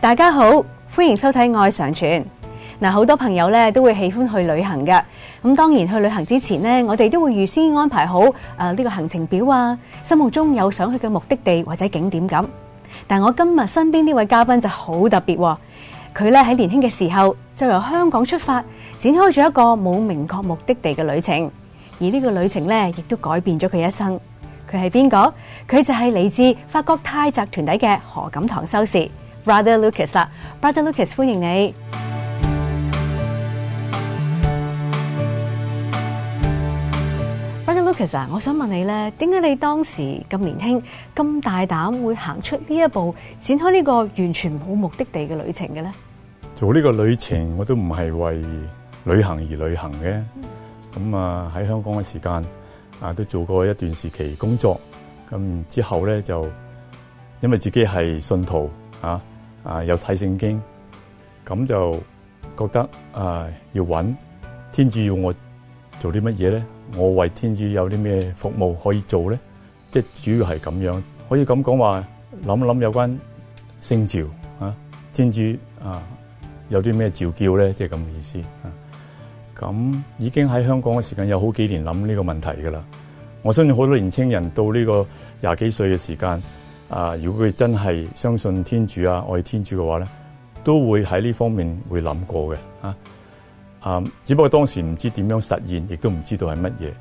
大家好，歡迎收睇《愛上傳》。嗱，好多朋友咧，都會喜歡去旅行㗎，咁當然去旅行之前咧，我哋都會預先安排好誒，呢個行程表啊，心目中有想去嘅目的地或者景點咁。但我今日身邊呢位嘉賓就好特別喎，佢咧喺年輕嘅時候就由香港出發，展開咗一個冇明確目的地嘅旅程，而呢個旅程咧亦都改變咗佢一生。佢係邊個？佢就係嚟自法國泰澤團體嘅何錦堂修士，Brother Lucas 啦，Brother Lucas，歡迎你。其實我想問你咧，點解你當時咁年輕、咁大膽，會行出呢一步，展開呢個完全冇目的地嘅旅程嘅咧？做呢個旅程，我都唔係為旅行而旅行嘅。咁啊，喺香港嘅時間啊，都做過一段時期工作。咁之後咧，就因為自己係信徒啊啊，有、啊、睇聖經，咁就覺得啊，要揾天主要我做啲乜嘢咧？我為天主有啲咩服務可以做咧？即係主要係咁樣，可以咁講話，諗諗有關聖召啊，天主啊，有啲咩召叫咧？即係咁嘅意思。咁、啊、已經喺香港嘅時間有好幾年諗呢個問題噶啦。我相信好多年青人到呢個廿幾歲嘅時間啊，如果佢真係相信天主啊，愛天主嘅話咧，都會喺呢方面會諗過嘅啊。啊！只不過當時唔知點樣實現，亦都唔知道係乜嘢。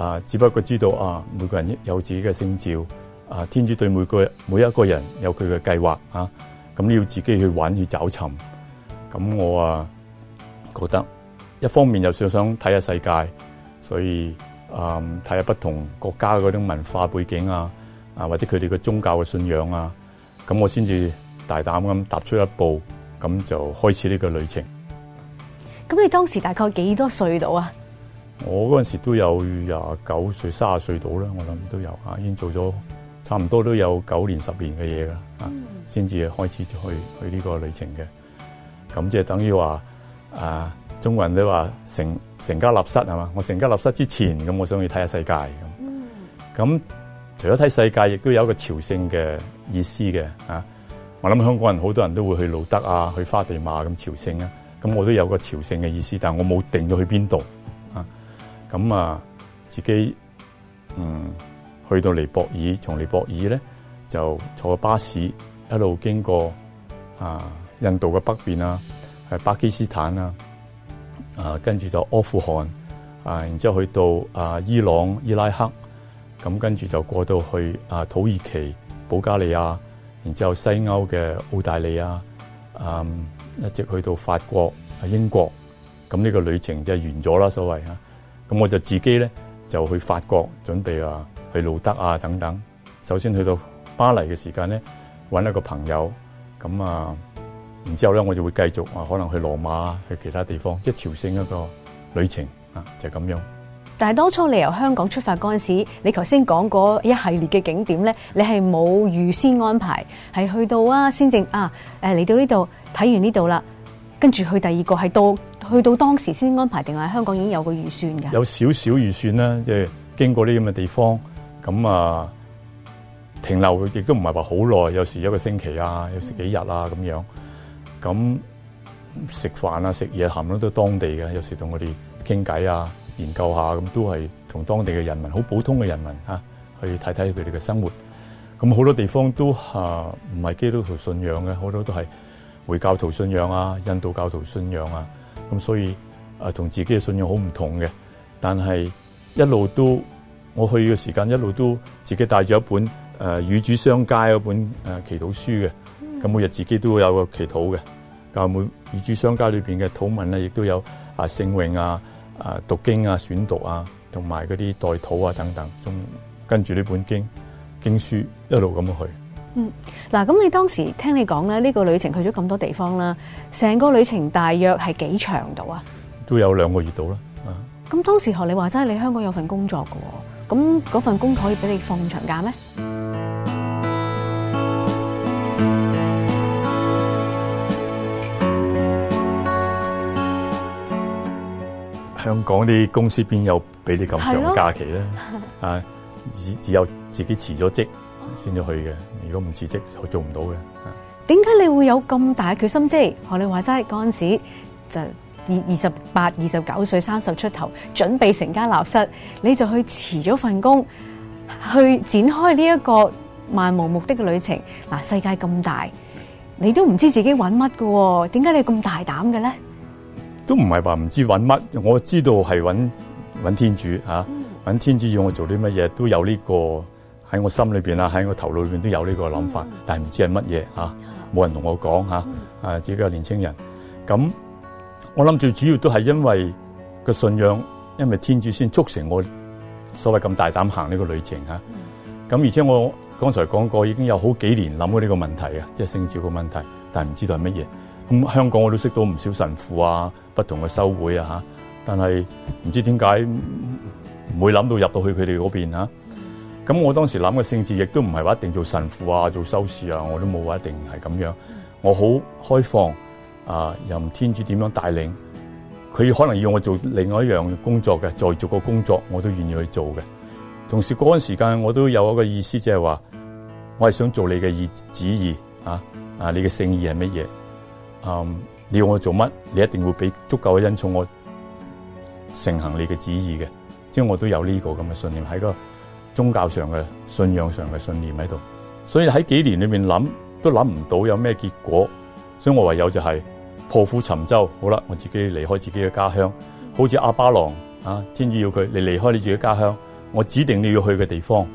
啊！只不過知道啊，每個人有自己嘅聖召啊，天主對每個每一個人有佢嘅計劃嚇，咁、你、要自己去揾去找尋。咁我啊，覺得一方面又想想睇下世界，所以啊，睇下不同國家嗰種文化背景啊，啊或者佢哋嘅宗教嘅信仰啊，咁我先至大膽咁踏出一步，咁就開始呢個旅程。咁你當時大概幾多歲到啊？我嗰陣時都有廿九歲、卅歲到啦，我諗都有啊，已經做咗差唔多都有九年、十年嘅嘢啦，啊，先至開始去去呢個旅程嘅。咁即係等於話啊，中國人，都話成成家立室係嘛，我成家立室之前咁，我想去睇下世界咁。咁除咗睇世界，亦、嗯、都有一個朝聖嘅意思嘅啊。我諗香港人好多人都會去路德啊，去花地瑪咁朝聖啊。咁我都有個朝聖嘅意思，但係我冇定咗去邊度啊！咁啊，自己嗯去到尼泊爾，從尼泊爾呢就坐巴士一路經過啊，印度嘅北邊啊，係巴基斯坦啊，啊跟住就阿富汗啊，然之後去到啊伊朗、伊拉克，咁跟住就過到去啊土耳其、保加利亞，然之後西歐嘅澳大利亞，嗯、啊。一直去到法國、喺英國，咁呢個旅程就係完咗啦，所謂嚇。咁我就自己咧就去法國，準備啊去路德啊等等。首先去到巴黎嘅時間咧，搵一個朋友，咁啊，然之後咧我就會繼續啊，可能去羅馬、去其他地方，即係朝聖一個旅程啊，就係咁樣。但係當初你由香港出發嗰陣時，你頭先講過一系列嘅景點咧，你係冇預先安排，係去到啊先正啊誒，嚟到呢度睇完呢度啦，跟住去第二個，係到去到當時先安排，定係香港已經有個預算㗎？有少少預算啦，即係經過啲咁嘅地方，咁啊、呃、停留亦都唔係話好耐，有時一個星期啊，有時幾日啊咁樣，咁食飯啊食嘢行咗都都當地嘅，有時同我哋傾偈啊。研究下咁都係同當地嘅人民，好普通嘅人民嚇、啊，去睇睇佢哋嘅生活。咁好多地方都嚇唔係基督徒信仰嘅，好多都係回教徒信仰啊、印度教徒信仰啊。咁所以啊，同自己嘅信仰好唔同嘅。但係一路都我去嘅時間一路都自己帶住一本誒、啊、與主相交嗰本誒、啊、祈禱書嘅。咁每日自己都會有個祈禱嘅。教每與主相交裏邊嘅禱文咧，亦都有啊聖詠啊。啊！讀經啊、選讀啊，同埋嗰啲代禱啊等等，仲跟住呢本經經書一路咁去。嗯，嗱，咁你當時聽你講咧，呢個旅程去咗咁多地方啦，成個旅程大約係幾長度啊？都有兩個月度啦。啊，咁當時何你話齋，你香港有份工作嘅喎，咁嗰份工可以俾你放咁長假咩？香港啲公司邊有俾你咁長假期咧？啊，只只有自己辭咗職先至去嘅。如果唔辭職，做唔到嘅。點解你會有咁大嘅決心？即係學你話齋嗰陣時就，就二二十八、二十九歲、三十出頭，準備成家立室，你就去辭咗份工，去展開呢一個漫無目的嘅旅程。嗱，世界咁大，你都唔知自己揾乜嘅。點解你咁大膽嘅咧？都唔係話唔知揾乜，我知道係揾揾天主吓，揾、啊、天主要我做啲乜嘢，都有呢、這個喺我心裏邊啦，喺我頭腦裏邊都有呢個諗法，但係唔知係乜嘢吓，冇人同我講吓，啊、啊、啊自己個年輕人，咁我諗住主要都係因為個信仰，因為天主先促成我所謂咁大膽行呢個旅程吓，咁、啊、而且我剛才講過，已經有好幾年諗過呢個問題啊，即係聖召個問題，就是、的問題，但係唔知道係乜嘢。咁香港我都識到唔少神父啊，不同嘅修會啊嚇。但係唔知點解唔會諗到入到去佢哋嗰邊嚇。咁我當時諗嘅聖旨亦都唔係話一定做神父啊，做修士啊，我都冇話一定係咁樣。我好開放啊，任天主點樣帶領，佢可能要我做另外一樣工作嘅，再做個工作我都願意去做嘅。同時嗰陣時間我都有一個意思就是說，即係話我係想做你嘅意旨意啊啊！你嘅聖意係乜嘢？Um, 你要我做乜？你一定會俾足夠嘅恩寵，我成行你嘅旨意嘅。即係我都有呢個咁嘅信念，喺個宗教上嘅信仰上嘅信念喺度。所以喺幾年裏面諗都諗唔到有咩結果，所以我唯有就係破釜沉舟。好啦，我自己離開自己嘅家鄉，好似阿巴郎啊，天主要佢你離開你自己嘅家鄉，我指定你要去嘅地方，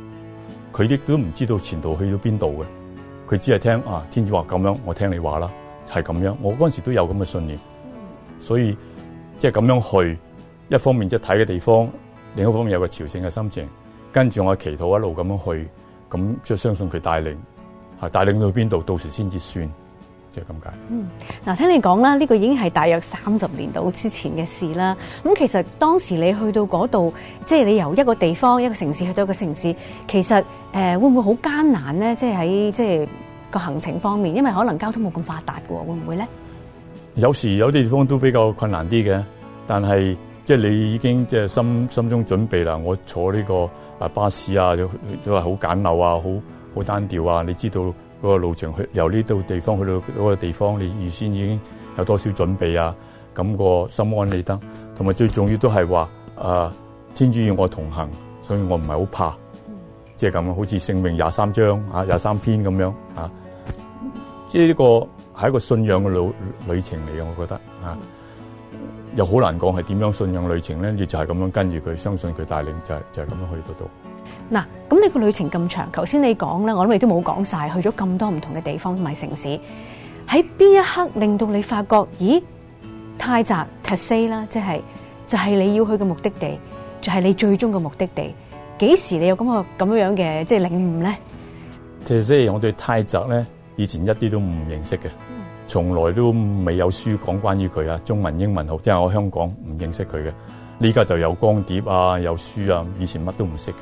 佢亦都唔知道前途去到邊度嘅，佢只係聽啊天主話咁樣，我聽你話啦。係咁樣，我嗰陣時都有咁嘅信念，所以即係咁樣去，一方面即係睇嘅地方，另一方面有個朝聖嘅心情，跟住我祈禱一路咁樣去，咁即係相信佢帶領，係帶領到邊度，到時先至算，即係咁解。嗯，嗱，聽你講啦，呢個已經係大約三十年度之前嘅事啦。咁其實當時你去到嗰度，即係你由一個地方一個城市去到一個城市，其實誒會唔會好艱難咧？即係喺即係。就是個行程方面，因為可能交通冇咁發達嘅喎，會唔會咧？有時有啲地方都比較困難啲嘅，但係即係你已經即係心心中準備啦。我坐呢個啊巴士啊，都係好簡陋啊，好好單調啊。你知道嗰個路程去由呢度地方去到嗰個地方，你預先已經有多少準備啊？咁、個心安理得，同埋最重要都係話啊，天主與我同行，所以我唔係好怕。嗯、即係咁，好似聖詠廿三章啊，廿三篇咁樣啊。即係呢個係一個信仰嘅旅旅程嚟嘅，我覺得啊，又好難講係點樣信仰旅程咧？你就係咁樣跟住佢，相信佢帶領，就係就係咁樣去得到。嗱，咁你個旅程咁長，頭先你講咧，我諗你都冇講晒，去咗咁多唔同嘅地方同埋城市。喺邊一刻令到你發覺，咦？泰澤 Taizé 啦，即係就係、是、你要去嘅目的地，就係、是、你最終嘅目的地。幾時你有咁個咁樣嘅即係領悟咧？其實即係，我對泰澤咧。以前一啲都唔認識嘅，從來都未有書講關於佢啊，中文英文好，即係我香港唔認識佢嘅。呢家就有光碟啊，有書啊，以前乜都唔識嘅。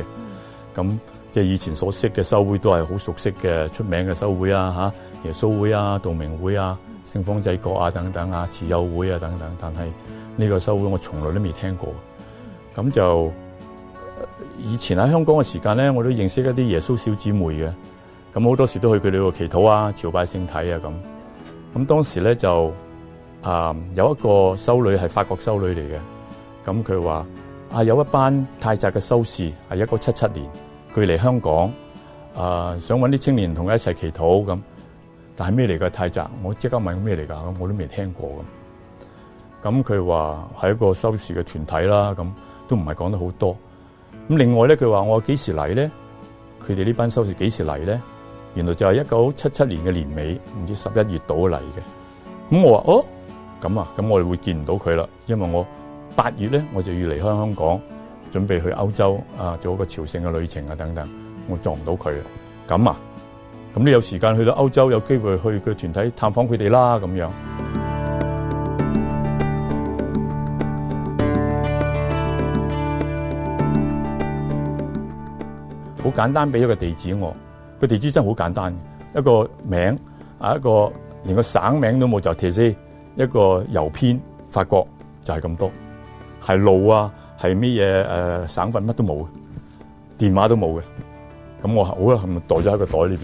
咁即係以前所識嘅修會都係好熟悉嘅，出名嘅修會啊，吓，耶穌會啊、道明會啊、聖方濟各啊等等啊、慈幼會啊等等。但係呢個修會我從來都未聽過。咁就以前喺香港嘅時間咧，我都認識一啲耶穌小姊妹嘅。咁好多時都去佢哋度祈禱啊、朝拜聖體啊咁。咁當時咧就啊，有一個修女係法國修女嚟嘅。咁佢話啊，有一班泰澤嘅修士係一九七七年，佢嚟香港啊，想搵啲青年同佢一齊祈禱咁。但係咩嚟嘅泰澤？我即刻問咩嚟噶，我都未聽過咁。咁佢話係一個修士嘅團體啦，咁都唔係講得好多。咁另外咧，佢話我幾時嚟咧？佢哋呢班修士幾時嚟咧？原來就係一九七七年嘅年尾，唔知十一月到嚟嘅。咁我話哦，咁啊，咁我哋會見唔到佢啦，因為我八月咧，我就要離開香港，準備去歐洲啊，做一個朝聖嘅旅程啊等等，我撞唔到佢啊。咁啊，咁你有時間去到歐洲，有機會去佢團體探訪佢哋啦，咁樣。好 簡單，俾一個地址我。個地址真係好簡單嘅，一個名啊，一個連個省名都冇就係、是、鐵西，一個郵編法國就係咁多，係路啊，係咩嘢誒省份乜都冇嘅，電話都冇嘅，咁我好啦、啊，袋咗喺個袋裏邊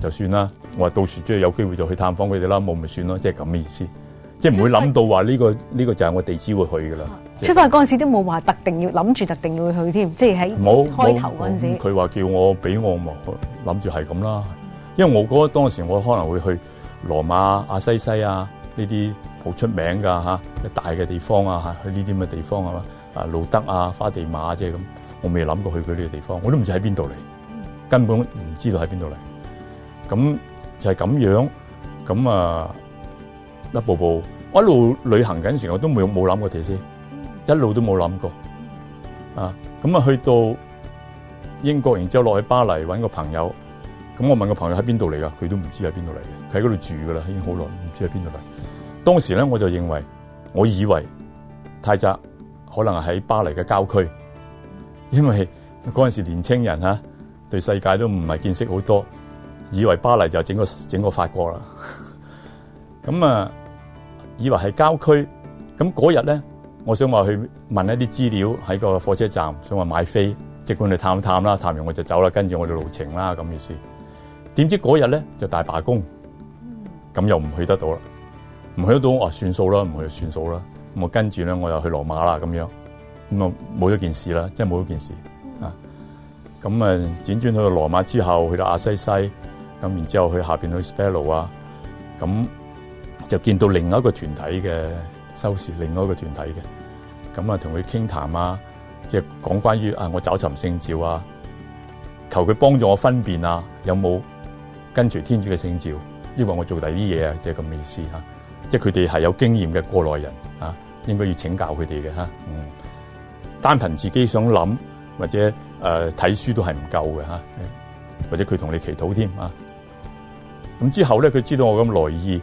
就算啦，我話到時即係有機會就去探訪佢哋啦，冇咪算咯，即係咁嘅意思。即係唔會諗到話呢、呢個呢、呢個就係我地址會去噶啦。啊就係、出發嗰陣時都冇話特定要諗住特定要去添，即係喺冇開頭嗰陣時，佢話叫我俾我冇諗住係咁啦。嗯、因為我覺得當時我可能會去羅馬、阿、啊、西西啊呢啲好出名噶嚇、啊，大嘅地方啊，去呢啲咁嘅地方啊，啊露德啊、花地馬即係咁，我未諗過去佢呢個地方，我都唔知喺邊度嚟，嗯、根本唔知道喺邊度嚟。咁就係咁樣，咁啊。一步步我一路旅行緊時，我都冇冇諗過條先，一路都冇諗過啊！咁啊，去到英國，然之後落去巴黎揾個朋友，咁我問個朋友喺邊度嚟噶？佢都唔知喺邊度嚟嘅，佢喺嗰度住噶啦，已經好耐唔知喺邊度嚟。當時咧，我就認為，我以為泰澤可能係喺巴黎嘅郊區，因為嗰陣時年青人啊，對世界都唔係見識好多，以為巴黎就整個整個法國啦。咁啊～那以為係郊區，咁嗰日咧，我想話去問一啲資料喺個火車站，想話買飛，即管你探探啦，探完我就走啦，跟住我哋路程啦咁意思。點知嗰日咧就大罷工，咁又唔去得到啦，唔去得到我，啊，算數啦，唔去就算數啦，咁啊跟住咧我又去羅馬啦咁樣，咁啊冇咗件事啦，即係冇咗件事啊。咁啊輾轉去到羅馬之後，去到阿西西，咁然之後去下邊去斯佩魯啊，咁。就見到另外一個團體嘅修士，另外一個團體嘅咁啊，同佢傾談啊，即係講關於啊，我找尋聖召啊，求佢幫助我分辨啊，有冇跟隨天主嘅聖召。抑或我做第啲嘢啊，即係咁嘅意思吓。即係佢哋係有經驗嘅過來人啊，應該要請教佢哋嘅吓。嗯，單憑自己想諗或者誒睇書都係唔夠嘅吓，或者佢同、呃啊、你祈禱添啊。咁之後咧，佢知道我咁來意。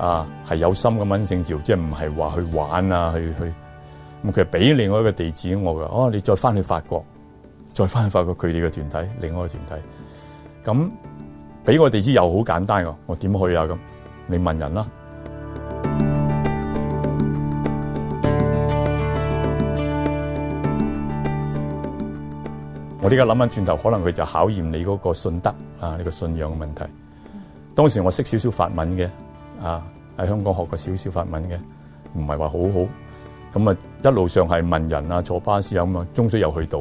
啊，係有心咁揾聖召，即係唔係話去玩啊，去去咁佢俾另外一個地址我噶。哦、啊，你再翻去法國，再翻去法國佢哋嘅團體，另外一個團體咁俾我地址又好簡單噶，啊，我點去啊？咁你問人啦。我呢家諗翻轉頭，可能佢就考驗你嗰個信德啊，你個信仰嘅問題。當時我識少少法文嘅。啊！喺香港學過少少法文嘅，唔係話好好咁啊。一路上係問人啊，坐巴士啊咁啊，終須又去到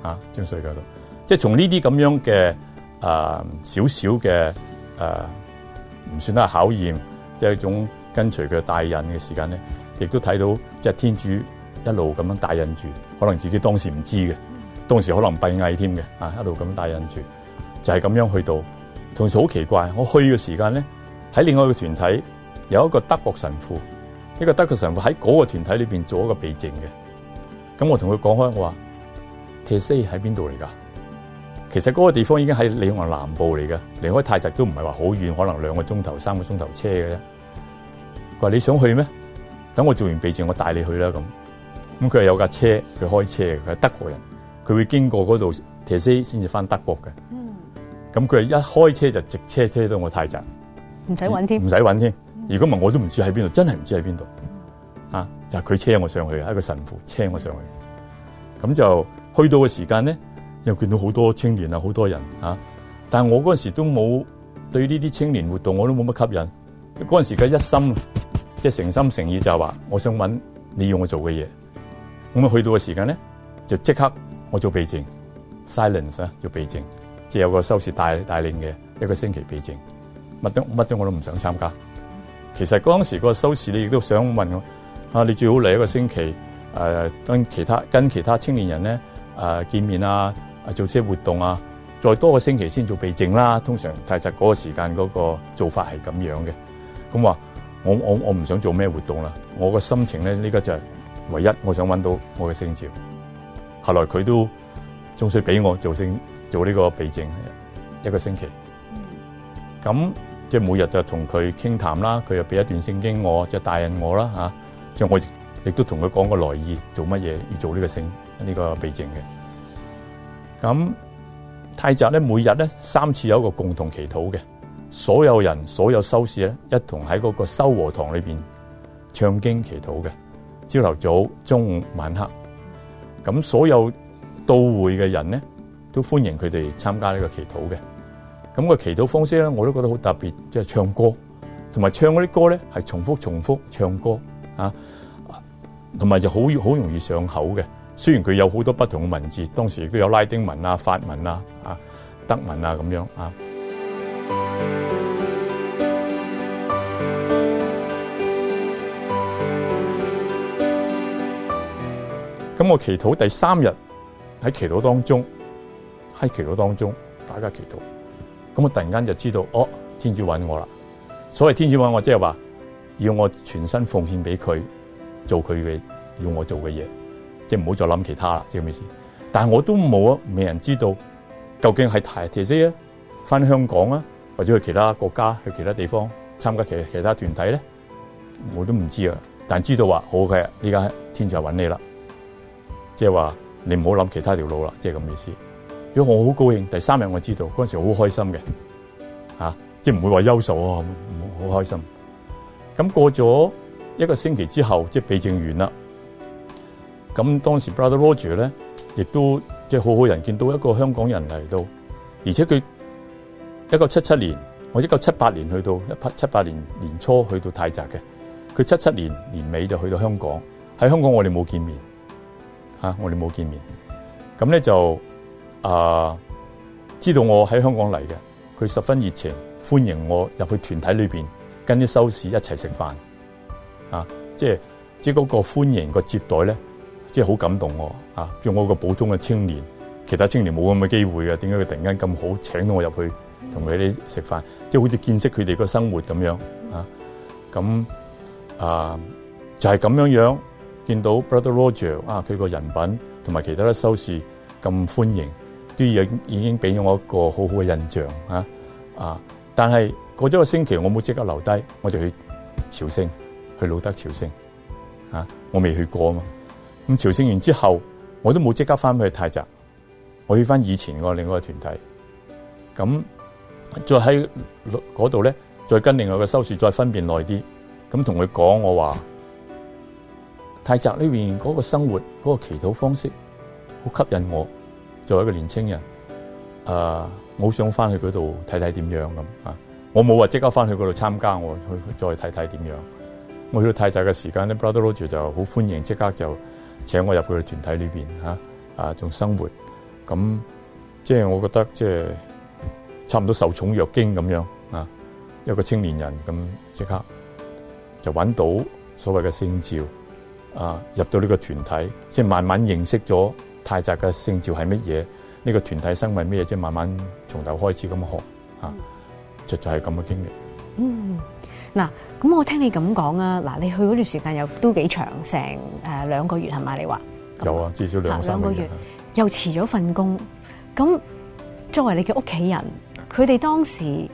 啊。終須嗰度，即係從呢啲咁樣嘅啊，少少嘅誒，唔算得係考驗，即係一種跟隨佢帶引嘅時間咧，亦都睇到即係天主一路咁樣帶引住，可能自己當時唔知嘅，當時可能閉翳添嘅啊，一路咁樣帶引住，就係咁樣去到。同時好奇怪，我去嘅時間咧。喺另外一個團體有一個德國神父，一個德國神父喺嗰個團體裏面做一個避靜嘅。咁我同佢講開，我話 t e s 喺邊度嚟㗎？其實嗰個地方已經喺里昂南部嚟㗎，離開泰澤都唔係話好遠，可能兩個鐘頭，三個鐘頭車嘅啫。佢話你想去咩？等我做完避靜，我帶你去啦。咁咁佢係有架車，佢開車，佢係德國人，佢會經過嗰度 t e s 先至翻德國嘅。咁佢係一開車就直車直車到我泰澤。唔使揾添，唔使揾添。如果唔係我都唔知喺邊度，真係唔知喺邊度啊！就係佢車我上去嘅，一個神父車我上去。咁就去到嘅時間咧，又見到好多青年啊，好多人啊。但係我嗰陣時都冇對呢啲青年活動，我都冇乜吸引。嗰陣時嘅一心即係誠心誠意，就係話我想揾你要我做嘅嘢。咁啊，去到嘅時間咧，就即刻我做背靜，silence 啊，做背靜，即係有個修士帶帶領嘅一個星期背靜。乜都乜都我都唔想參加。其實嗰陣時個收視你亦都想問我：啊，你最好嚟一個星期，誒、呃，跟其他跟其他青年人咧，誒、呃，見面啊，做些活動啊，再多個星期先做備證啦。通常太實嗰個時間嗰個做法係咁樣嘅。咁、嗯、話我我我唔想做咩活動啦，我個心情咧，呢家就係唯一我想揾到我嘅聖召。後來佢都仲再俾我做聖做呢個備證一個星期。咁。即係每日就同佢傾談啦，佢又俾一段聖經就帶我，即係帶引我啦吓，即我亦都同佢講個來意，做乜嘢要做呢個聖，呢、呢個避靜嘅。咁太侄咧，每日咧三次有一個共同祈禱嘅，所有人所有修士咧，一同喺嗰個修和堂裏邊唱經祈禱嘅，朝頭早、中午、晚黑，咁所有到會嘅人咧，都歡迎佢哋參加呢個祈禱嘅。咁個祈禱方式咧，我都覺得好特別，即係唱歌，同埋唱嗰啲歌咧係重複重複唱歌啊，同埋就好好容易上口嘅。雖然佢有好多不同嘅文字，當時亦都有拉丁文啊、法文啊、啊德文啊咁樣啊。咁我祈禱第三日喺祈禱當中，喺祈禱當中，大家祈禱。咁我突然間就知道，哦，天主搵我啦！所謂天主搵我，即係話要我全身奉獻俾佢，做佢嘅要我做嘅嘢，即係唔好再諗其他啦，即係咁嘅意思。但係我都冇啊，未人知道究竟係提提西啊、翻香港啊，或者去其他國家去其他地方參加其其他團體咧，我都唔知啊。但係知道話好嘅，依家天主搵你啦，即係話你唔好諗其他條路啦，即係咁嘅意思。如果我好高興，第三日我知道嗰陣時好開心嘅，啊，即係唔會話憂愁啊，好開心。咁過咗一個星期之後，即係避靜完啦。咁當時 Brother Roger 咧，亦都即係好好人，見到一個香港人嚟到，而且佢一九七七年，我一九七八年去到一九七八年年初去到泰澤嘅。佢七七年年尾就去到香港，喺香港我哋冇見面，吓、啊、我哋冇見面。咁咧就。啊！知道我喺香港嚟嘅，佢十分熱情歡迎我入去團體裏邊跟啲修士一齊食飯。啊，即係即係嗰個歡迎個接待咧，即係好感動我啊！叫我個普通嘅青年，其他青年冇咁嘅機會嘅，點解佢突然間咁好請到我入去同佢哋食飯？即係好似見識佢哋個生活咁樣啊！咁啊，就係、是、咁樣樣見到 Brother Roger 啊，佢個人品同埋其他啲修士咁歡迎。都已已經俾咗我一個好好嘅印象啊！啊！但係過咗個星期，我冇即刻留低，我就去朝聖，去老德朝聖啊！我未去過啊嘛！咁朝聖完之後，我都冇即刻翻去泰澤。我去翻以前個另外一個團體，咁再喺嗰度咧，再跟另外一個修士再分辨耐啲，咁同佢講，我話泰澤呢邊嗰個生活嗰個祈禱方式好吸引我。作為一個年青人，誒，我好想翻去嗰度睇睇點樣咁啊！我冇話即刻翻去嗰度參加，我去再睇睇點樣。我去到泰澤嘅時間咧，Brother Roger 就好歡迎，即刻就請我入佢嘅團體裏邊吓啊，仲生活。咁即係我覺得即係差唔多受寵若驚咁樣啊！一個青年人咁即刻就揾到所謂嘅聖召啊，入到呢個團體，即係慢慢認識咗。泰澤嘅聖召係乜嘢？呢、這個團體生為咩嘢？即係慢慢從頭開始咁學啊，就就係咁嘅經歷。嗯，嗱，咁我聽你咁講啊，嗱，你去嗰段時間又都幾長，成誒兩個月係咪？你話有啊，至少兩個三個月。兩個月又辭咗份工，咁作為你嘅屋企人，佢哋當時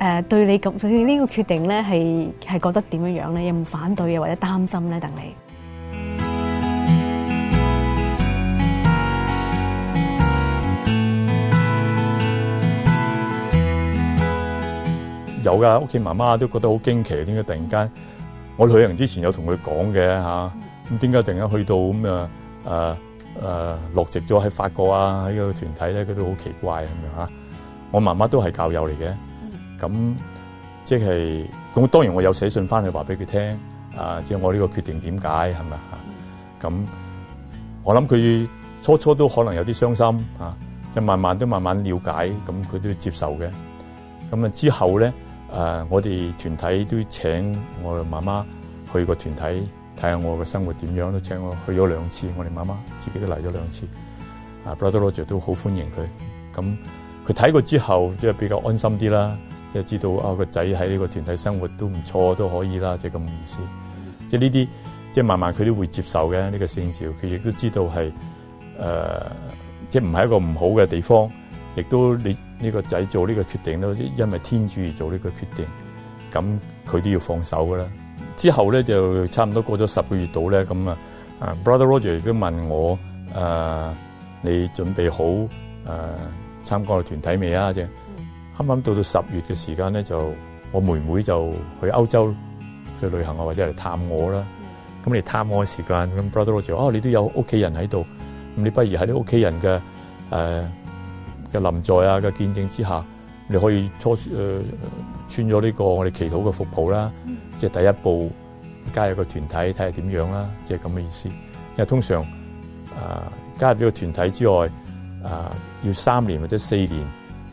誒對你咁，對呢個決定咧，係係覺得點樣樣咧？有冇反對啊？或者擔心咧？等你。有噶，屋企媽媽都覺得好驚奇，點解突然間我旅行之前有同佢講嘅嚇，咁點解突然間去到咁啊？誒、啊、誒落籍咗喺法國啊，喺、個團體咧，佢都好奇怪咁樣嚇。我媽媽都係教友嚟嘅，咁即係咁當然我有寫信翻去話俾佢聽，啊即係我呢個決定點解係咪嚇？咁我諗佢初初都可能有啲傷心嚇、啊，就慢慢都慢慢了解，咁佢都要接受嘅。咁啊之後咧。誒，uh, 我哋團體都請我媽媽去個團體睇下我嘅生活點樣，都請我去咗兩次。我哋媽媽自己都嚟咗兩次。啊、uh，Brother Roger 都好歡迎佢。咁佢睇過之後，即係比較安心啲啦，即係知道啊個仔喺呢個團體生活都唔錯，都可以啦，即係咁嘅意思。Mm hmm. 即係呢啲，即係慢慢佢都會接受嘅。呢個聖召，佢亦都知道係誒、呃，即係唔係一個唔好嘅地方。亦都你呢、呢個仔做呢個決定咧，因為天主而做呢個決定，咁佢都要放手噶啦。之後咧就差唔多過咗十個月度咧，咁啊，啊 Brother Roger 都問我，誒、啊，你準備好誒參加個團體未啊？啫，啱啱到到十月嘅時間咧，就我妹妹就去歐洲去旅行啊，或者嚟探我啦。咁你探我嘅時間，咁 Brother Roger，哦、啊，你都有屋企人喺度，咁你不如喺你屋企人嘅誒。啊嘅臨在啊嘅見證之下，你可以初誒、呃、穿咗呢個我哋祈禱嘅福袍啦，嗯、即係第一步加入個團體睇下點樣啦，即係咁嘅意思。因為通常啊、呃、加入咗個團體之外啊、呃，要三年或者四年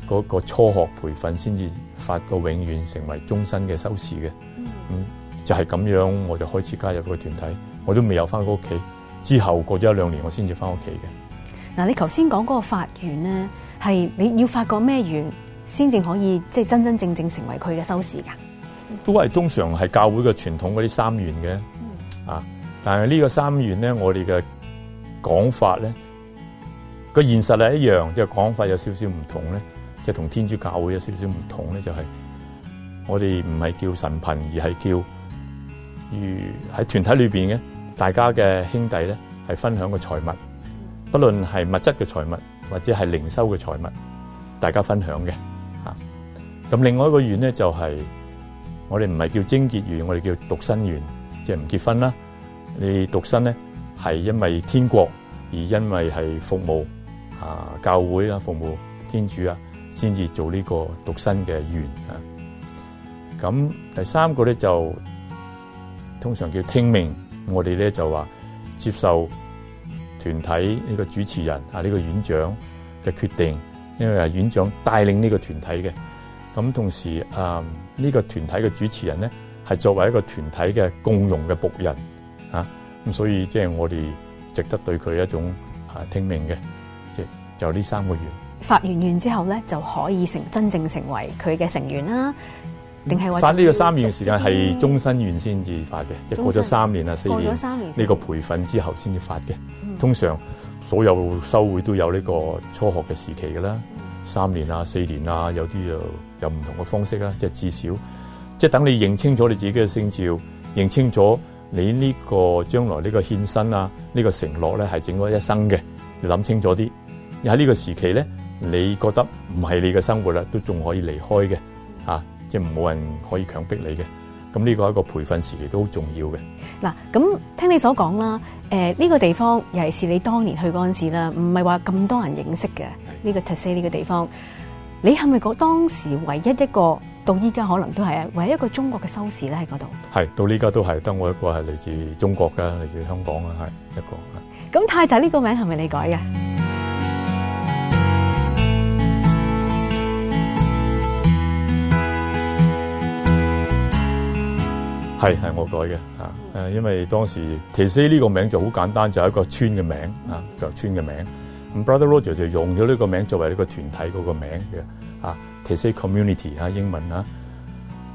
嗰個初學培訓先至發個永遠成為終身嘅修士嘅。咁、嗯嗯、就係、是、咁樣，我就開始加入個團體，我都未有翻過屋企。之後過咗一兩年我才回家，我先至翻屋企嘅。嗱，你頭先講嗰個法源咧？係你要發覺咩緣，先至可以即係真真正正成為佢嘅收視噶，都係通常係教會嘅傳統嗰啲三緣嘅，嗯、啊！但係呢個三緣咧，我哋嘅講法咧，個現實係一樣，即係講法有少少唔同咧，即係同天主教會有少少唔同咧，就係、是、我哋唔係叫神貧，而係叫如喺團體裏邊嘅大家嘅兄弟咧，係分享個財物，不論係物質嘅財物。或者係靈修嘅財物，大家分享嘅吓。咁另外一個願咧，就係我哋唔係叫貞潔願，我哋叫獨身願，即係唔結婚啦。你獨身咧係因為天國，而因為係服務啊教會啊服務天主啊，先至做呢個獨身嘅願啊。咁第三個咧就通常叫聽命，我哋咧就話接受。團體呢個主持人啊，呢、呢個院長嘅決定，因為係院長帶領呢個團體嘅。咁同時啊，呢、嗯呢個團體嘅主持人咧，係作為一個團體嘅共融嘅僕人啊，咁所以即係我哋值得對佢一種啊聽命嘅。即係就呢、係、三個月發完願之後咧，就可以成真正成為佢嘅成員啦。定係話發呢個三年嘅時間係終身願先至發嘅，即係生過咗三年啊四年呢個培訓之後先至發嘅。通常所有修會都有呢個初學嘅時期嘅啦，三年啊、四年啊，有啲就有唔同嘅方式啦，即係至少，即係等你認清楚你自己嘅聖召，認清楚你呢個將來呢個獻身啊，呢個承諾咧係整個一生嘅，你諗清楚啲。喺呢個時期咧，你覺得唔係你嘅生活啦，都仲可以離開嘅，啊，即係冇人可以強迫你嘅。咁呢個係一個培訓時期都好重要嘅。嗱，咁聽你所講啦，誒、呃、呢、呢個地方尤其是你當年去嗰陣時啦，唔係話咁多人認識嘅呢個泰澤呢個地方。你係咪講當時唯一一個到依家可能都係啊，唯一一個中國嘅修士咧喺嗰度。係到依家都係得我一個係嚟自中國嘅，嚟自香港啊，係一個。咁泰澤呢個名係咪你改嘅？嗯。係係我改嘅嚇，誒、啊，因為當時 TC 呢個名就好簡單，就係、是、一個村嘅名啊，個村嘅名。咁、啊、Brother Roger 就用咗呢個名作為呢個團體嗰個名嘅啊，泰西 Community 啊英文啦。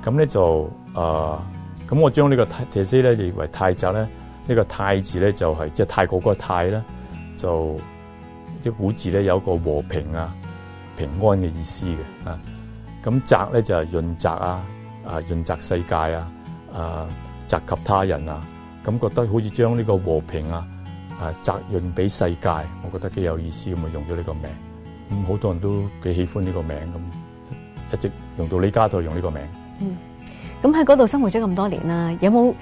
咁、啊、咧就誒，咁、呃、我將這個呢個 TC 西咧就認為泰澤咧，呢、這個泰字咧就係即係泰國個泰啦，就即、就是、古字咧有個和平啊、平安嘅意思嘅啊。咁澤咧就係潤澤啊，啊澤、就是、潤澤、啊啊、世界啊。誒，澤、啊、及他人啊，咁、啊、覺得好似將呢個和平啊，誒、啊，責任俾世界，我覺得幾有意思咁啊，用咗呢個名，咁、嗯、好多人都幾喜歡呢個名咁、啊，一直用到你家就用呢個名。嗯，咁喺嗰度生活咗咁多年啦、啊，有冇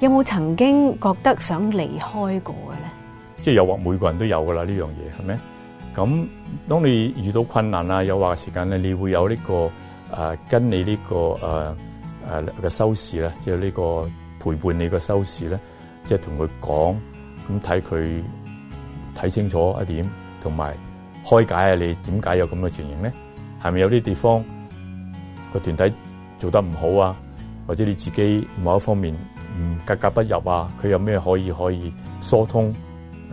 有冇曾經覺得想離開過嘅咧？即係誘惑，每個人都有噶啦呢樣嘢，係咪？咁當你遇到困難啊、誘惑嘅時間咧，你會有呢、這個誒、啊，跟你呢、這個誒。啊誒，嘅收視咧，即係呢個陪伴你嘅收視咧，即係同佢講，咁睇佢睇清楚一點，同埋開解下你點解有咁嘅情形咧？係咪有啲地方個團體做得唔好啊？或者你自己某一方面唔格格不入啊？佢有咩可以可以疏通，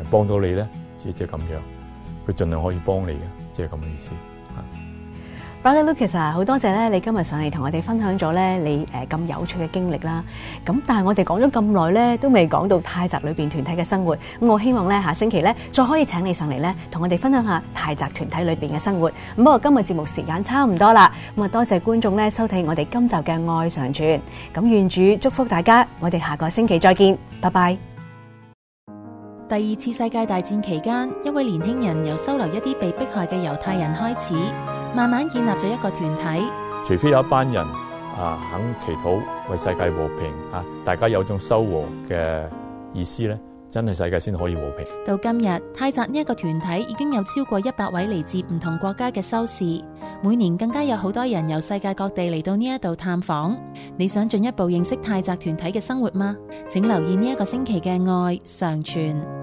幫到你咧？即係咁樣，佢盡量可以幫你嘅，即係咁嘅意思。Brother Lucas，好多謝咧，你今日上嚟同我哋分享咗咧你誒咁有趣嘅經歷啦。咁但係我哋講咗咁耐咧，都未講到泰澤裏邊團體嘅生活。咁我希望咧下星期咧，再可以請你上嚟咧，同我哋分享下泰澤團體裏邊嘅生活。咁不過今日節目時間差唔多啦。咁啊，多謝觀眾咧收睇我哋今集嘅愛常傳。咁願主祝福大家。我哋下個星期再見。拜拜。第二次世界大戰期間，一位年輕人由收留一啲被迫害嘅猶太人開始。慢慢建立咗一個團體，除非有一班人啊肯祈禱為世界和平啊，大家有種修和嘅意思咧，真係世界先可以和平。到今日，泰澤呢一個團體已經有超過一百位嚟自唔同國家嘅修士，每年更加有好多人由世界各地嚟到呢一度探訪。你想進一步認識泰澤團體嘅生活嗎？請留意呢一個星期嘅愛常傳。